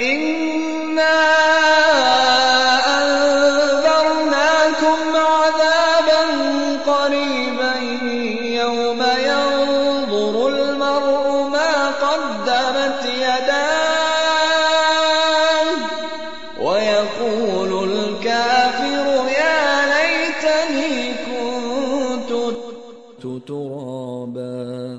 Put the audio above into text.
إنا أنذرناكم عذابا قريبا يوم ينظر المرء ما قدمت يداه ويقول الكافر يا ليتني كنت ترابا